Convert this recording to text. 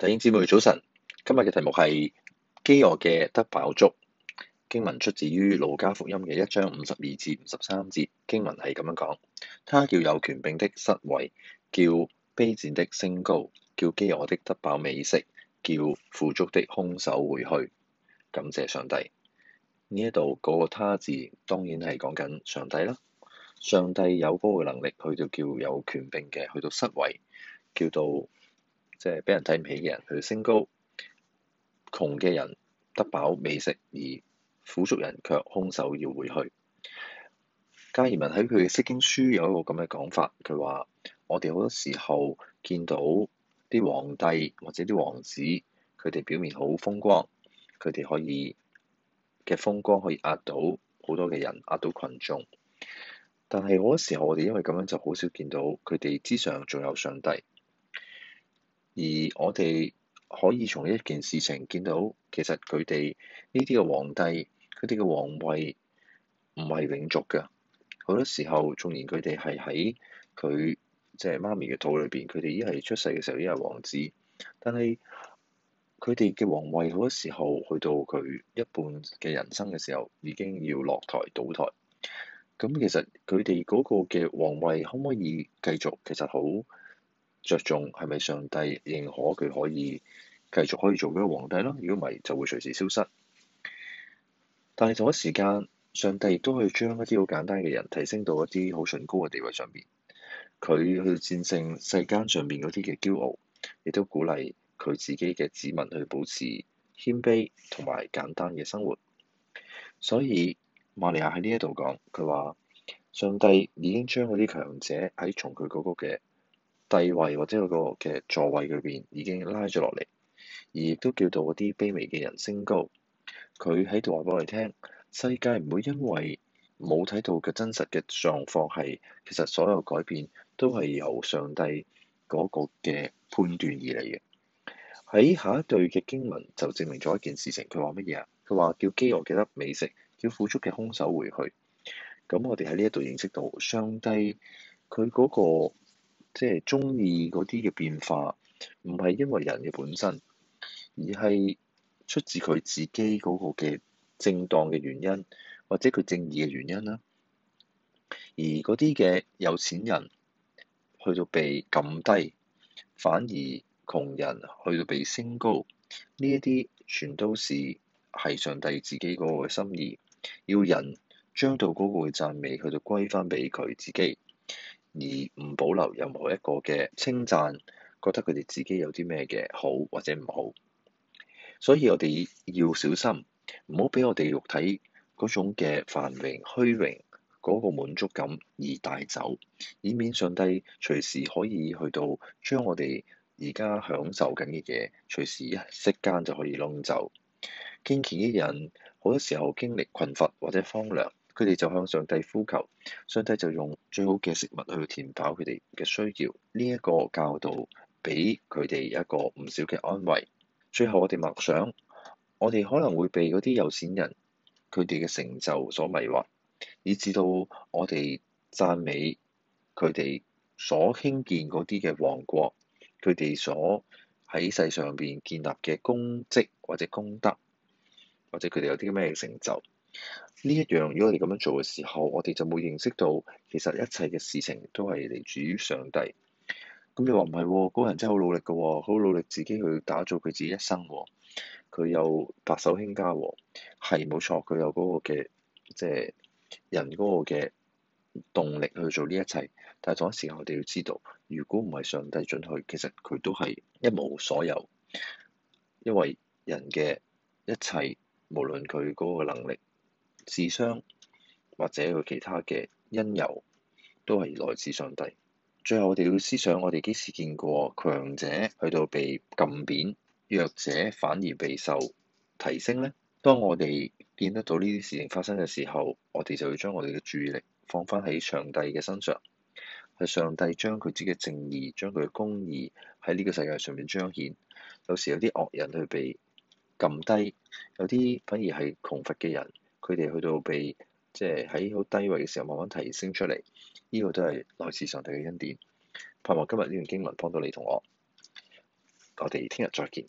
弟兄姊妹早晨，今日嘅題目係飢餓嘅得飽足。經文出自於路加福音嘅一章五十二至五十三節，經文係咁樣講：他叫有權柄的失位，叫卑賤的升高，叫飢餓的得飽美食，叫富足的空手回去。感謝上帝，呢一度嗰個他字，當然係講緊上帝啦。上帝有嗰個能力，去到叫有權柄嘅，去到失位，叫做。即係俾人睇唔起嘅人，佢升高；窮嘅人得飽美食，而富足人卻空手要回去。加爾文喺佢嘅《釋經書》有一個咁嘅講法，佢話：我哋好多時候見到啲皇帝或者啲王子，佢哋表面好風光，佢哋可以嘅風光可以壓倒好多嘅人，壓倒群眾。但係好多時候，我哋因為咁樣就好少見到佢哋之上仲有上帝。而我哋可以從一件事情見到，其實佢哋呢啲嘅皇帝，佢哋嘅皇位唔係永續嘅。好多時候，縱然佢哋係喺佢即係媽咪嘅肚裏邊，佢哋一係出世嘅時候一係王子，但係佢哋嘅皇位好多時候去到佢一半嘅人生嘅時候，已經要落台倒台。咁其實，佢哋嗰個嘅皇位可唔可以繼續其實好。着重係咪上帝認可佢可以繼續可以做嗰個皇帝咯？如果唔係，就會隨時消失。但係同一時間，上帝亦都去將一啲好簡單嘅人提升到一啲好崇高嘅地位上面。佢去戰勝世間上面嗰啲嘅驕傲，亦都鼓勵佢自己嘅子民去保持謙卑同埋簡單嘅生活。所以瑪利亞喺呢一度講，佢話上帝已經將嗰啲強者喺從佢嗰個嘅。地位或者嗰個嘅座位裏邊已經拉咗落嚟，而亦都叫到嗰啲卑微嘅人升高。佢喺度話俾我哋聽，世界唔會因為冇睇到嘅真實嘅狀況係，其實所有改變都係由上帝嗰個嘅判斷而嚟嘅。喺下一段嘅經文就證明咗一件事情，佢話乜嘢啊？佢話叫饑餓嘅得美食，叫富足嘅空手回去。咁我哋喺呢一度認識到上帝，佢嗰個。即係鍾意嗰啲嘅變化，唔係因為人嘅本身，而係出自佢自己嗰個嘅正當嘅原因，或者佢正義嘅原因啦。而嗰啲嘅有錢人去到被撳低，反而窮人去到被升高，呢一啲全都是係上帝自己嗰個心意，要人將到嗰個嘅讚美去到歸返畀佢自己。而唔保留任何一個嘅稱讚，覺得佢哋自己有啲咩嘅好或者唔好，所以我哋要小心，唔好俾我哋肉體嗰種嘅繁榮虛榮嗰個滿足感而帶走，以免上帝隨時可以去到將我哋而家享受緊嘅嘢，隨時一息間就可以攞走。敬虔嘅人好多時候經歷困乏或者荒涼。佢哋就向上帝呼求，上帝就用最好嘅食物去填飽佢哋嘅需要。呢一個教導俾佢哋一個唔少嘅安慰。最後我哋默想，我哋可能會被嗰啲有錢人佢哋嘅成就所迷惑，以至到我哋讚美佢哋所興建嗰啲嘅王國，佢哋所喺世上邊建立嘅功績或者功德，或者佢哋有啲咩成就。呢一樣，如果我哋咁樣做嘅時候，我哋就冇認識到其實一切嘅事情都係嚟自於上帝。咁你話唔係喎，嗰、哦個人真係好努力嘅喎、哦，好努力自己去打造佢自己一生喎、哦。佢有白手興家喎、哦，係冇錯，佢有嗰個嘅即係人嗰個嘅動力去做呢一切。但係同一時間，我哋要知道，如果唔係上帝準許，其實佢都係一無所有，因為人嘅一切，無論佢嗰個能力。智商或者佢其他嘅因由，都係來自上帝。最後我哋要思想：我哋幾時見過強者去到被撳扁，弱者反而備受提升咧？當我哋見得到呢啲事情發生嘅時候，我哋就會將我哋嘅注意力放翻喺上帝嘅身上。係上帝將佢自己嘅正義，將佢嘅公義喺呢個世界上面彰顯，有時有啲惡人去被撳低，有啲反而係窮乏嘅人。佢哋去到被，即係喺好低位嘅時候慢慢提升出嚟，呢個都係來自上帝嘅恩典。盼望今日呢段經文幫到你同我，我哋聽日再見。